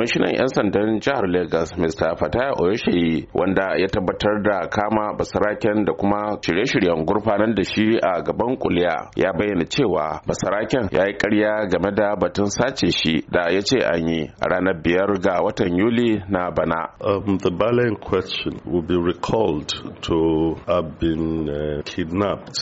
kwamishinan 'yan sandan jihar lagos mr fataya oyoshayi wanda ya tabbatar da kama basaraken da kuma shirye-shiryen gurfanar da shi a gaban kuliya ya bayyana cewa basaraken ya yi karya game da batun sace shi da ya ce an yi a ranar biyar ga watan yuli na bana um, the ballet question will be recalled to have been uh, kidnapped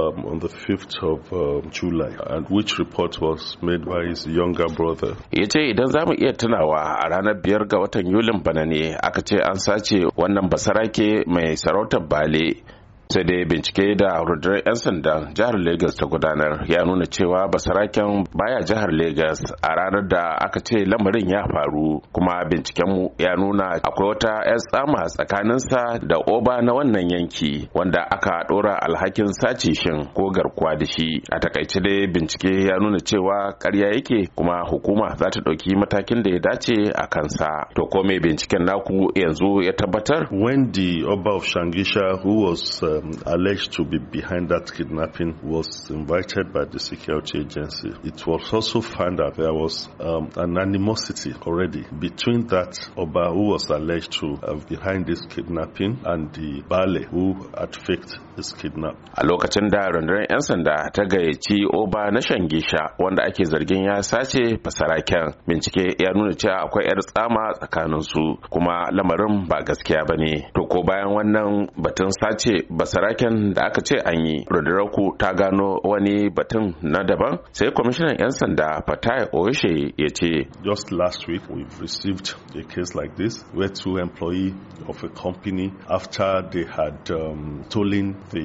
um, on the 5th of um, july and which report was made by his younger brother ya ce idan za mu iya tuna nasarawa a ranar biyar ga watan yulin bana ne aka ce an sace wannan basarake mai sarautar bale sai dai bincike da rundunar 'yan sandan jihar Legas ta gudanar ya nuna cewa basaraken baya jihar Legas a ranar da aka ce lamarin ya faru kuma mu ya nuna akwai wata 'yan tsama tsakaninsa da oba na wannan yanki wanda aka dora alhakin sace shin ko garkuwa da shi a takaice dai bincike ya nuna cewa karya yake kuma hukuma za ta ɗauki matakin da ya dace a kansa to ko mai binciken naku yanzu ya tabbatar when the oba of shangisha who was uh, um, alleged to be behind that kidnapping was invited by the security agency. It was also found that there was um, an animosity already between that Oba who was alleged to uh, behind this kidnapping and the Bale who had faked his kidnap. A lokacin da rundunar 'yan sanda ta gayyaci Oba na Shangisha wanda ake zargin ya sace fasaraken bincike ya nuna cewa akwai 'yar tsama tsakaninsu kuma lamarin ba gaskiya ba ne. To ko bayan wannan batun sace ba basaraken da aka ce an yi ruduraku ta gano wani batun na daban sai kwamishinan 'yan sanda fatai oshe ya ce just last week we've received a case like this where two employee of a company after they had um, stolen the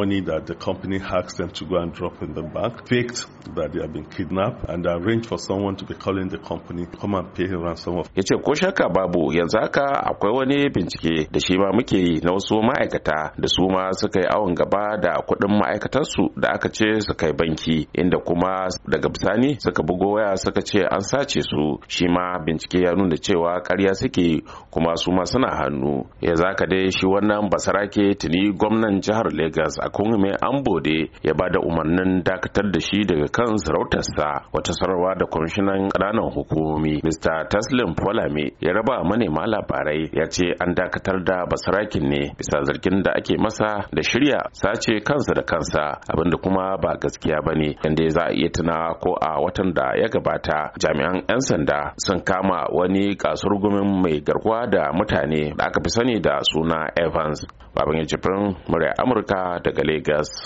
money that the company asked them to go and drop in the bank faked that they have been kidnapped and arranged for someone to be calling the company come and pay him ransom of ya ce ko shakka babu yanzu haka akwai wani bincike da shi ma muke yi na wasu ma'aikata da su Kuma suka yi awon gaba da kuɗin su da aka ce su kai banki inda kuma daga bisani suka bugo waya suka ce an sace su shi ma bincike ya nuna cewa karya suke kuma su ma suna hannu ya zaka dai shi wannan basarake tuni gwamnan jihar Legas a kungume ambode ya ba da umarnin dakatar da shi daga kan sarautarsa wata sarwa da kwamishinan ƙananan hukumomi Mr. Taslim Falame ya raba manema labarai ya ce an dakatar da basarakin ne bisa zargin da ake masa kansa da shirya sace kansa da kansa abinda kuma ba gaskiya ba ne inda za a iya tuna ko a watan da ya gabata jami'an 'yan sanda sun kama wani kasurgumin mai garkuwa da mutane da aka fi sani da suna evans baban ya jibrin murya amurka daga lagos